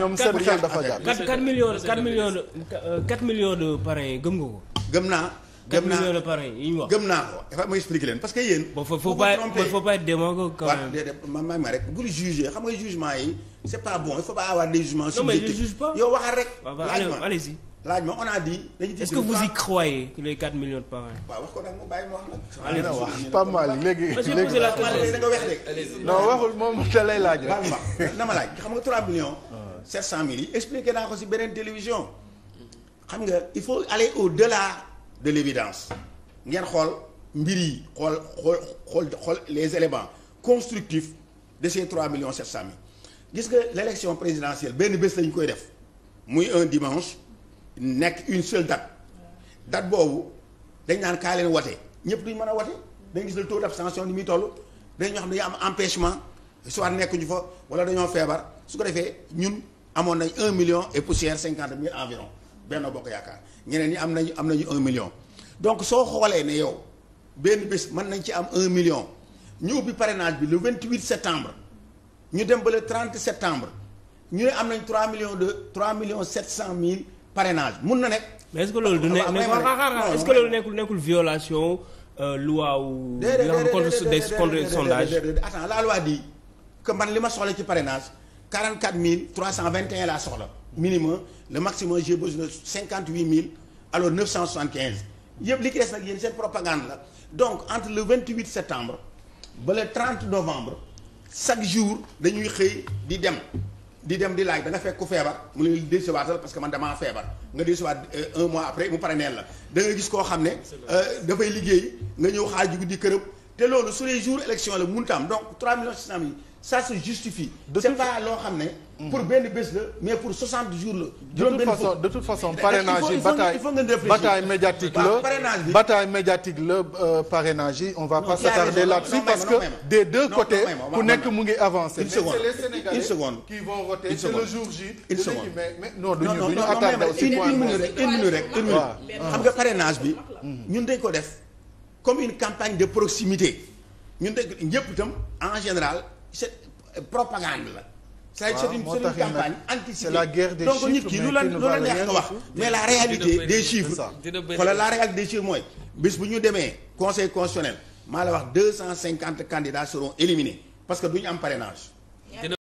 ñoom seen xel dafa gàtt. 4 millions 4 millions de 4 millions gëm nga ko. gëm naa. gëm naa 4 millions ko dafa ma expliqué leen parce que yéen. boo ko trompé boo faut pas être démagogue yi c' est pas rek. laaj laaj ma on a dit. dañu est-ce que vous y croyez. les 4 millions de waaw la. pas mal léegi léegi. da nga waxul moom da lay laaj rek. na ma laaj xam nga 3 millions. sept cent mille yi expliqué naa ko ci beneen télévision xam nga il faut aller au-delà de l'évidence ngeen xool mbir yi xool xool xool xool les éléments constructifs de ces trois millions sept cent mille gis nga l'élection présidentielle benn bés lañu koy def muy un dimanche nekk une seule date date boobu dañ naan kaa leen wate ñëpp duñ mën a wate dañ gis le taux d'abstention ni muy toll dañ ñoo xam ne dañu am empêchement soit nekkuñu fa wala dañoo feebar su ko defee ñun amoon nañ un million et poussière cinquante mille environ benn bokk yaakaar ñeneen ñi am nañu am nañu un million donc soo xoolee ne yow benn bés mën nañ ci am un million ñu ubbi parrainage bi le 28 septembre ñu dem ba le 30 septembre ñu ne am nañ 3 millions de 3 millions 700 mille parrainage mun na nekk. mais est-ce que loolu du ne ah, ah, ah, est-ce que nekkul nekkul violation euh, loi wu. déedéet déedéet déedéet déedéet déedéet déedéet déedéet déedéet que man li ma soxla ci parrainage 44 321 laa soxla minimum le maximum j'ai besoin de 58 000 alors 975 yëpp li ki des nag yéen seen propagande la donc entre le 28 septembre ba le 30 novembre chaque jour dañuy xëy di dem di dem di laaj da fekk ku feebar mu ne décewaat parce que man damaa feebar nga décewaat euh, un mois après mu pare neen la da nga gis koo xam ne euh, dafay liggéey nga ñëw xaaju guddi këram te loolu sur les ça se justifie. de c'est pas loo xam ne. Hmm. pour benn bés la mais pour 60 jours la. juróom benn de toute façon de toute façon parrainage yi bataille bataille médiatique la bataille médiatique la euh, on va pas s'attarder là parce que des deux côtés ku nekk mu ngi avancer. une seconde une seconde mais c'est une seconde une minute une minute une minute. xam nga parrainage bi. ñun dañ ko def comme une campagne de proximité ñun dañ ñëpp itam en général. c'est propagande la. c'est une campagne anticipée donc nit ki lu la lu la neex nga wax mais la réalité des chiffres wala la réalité des chiffres mooy bis bu ñu demee conseil constitutionnel maa la wax deux cent cinquante candidats seront éliminés parce que du ñu am parrainage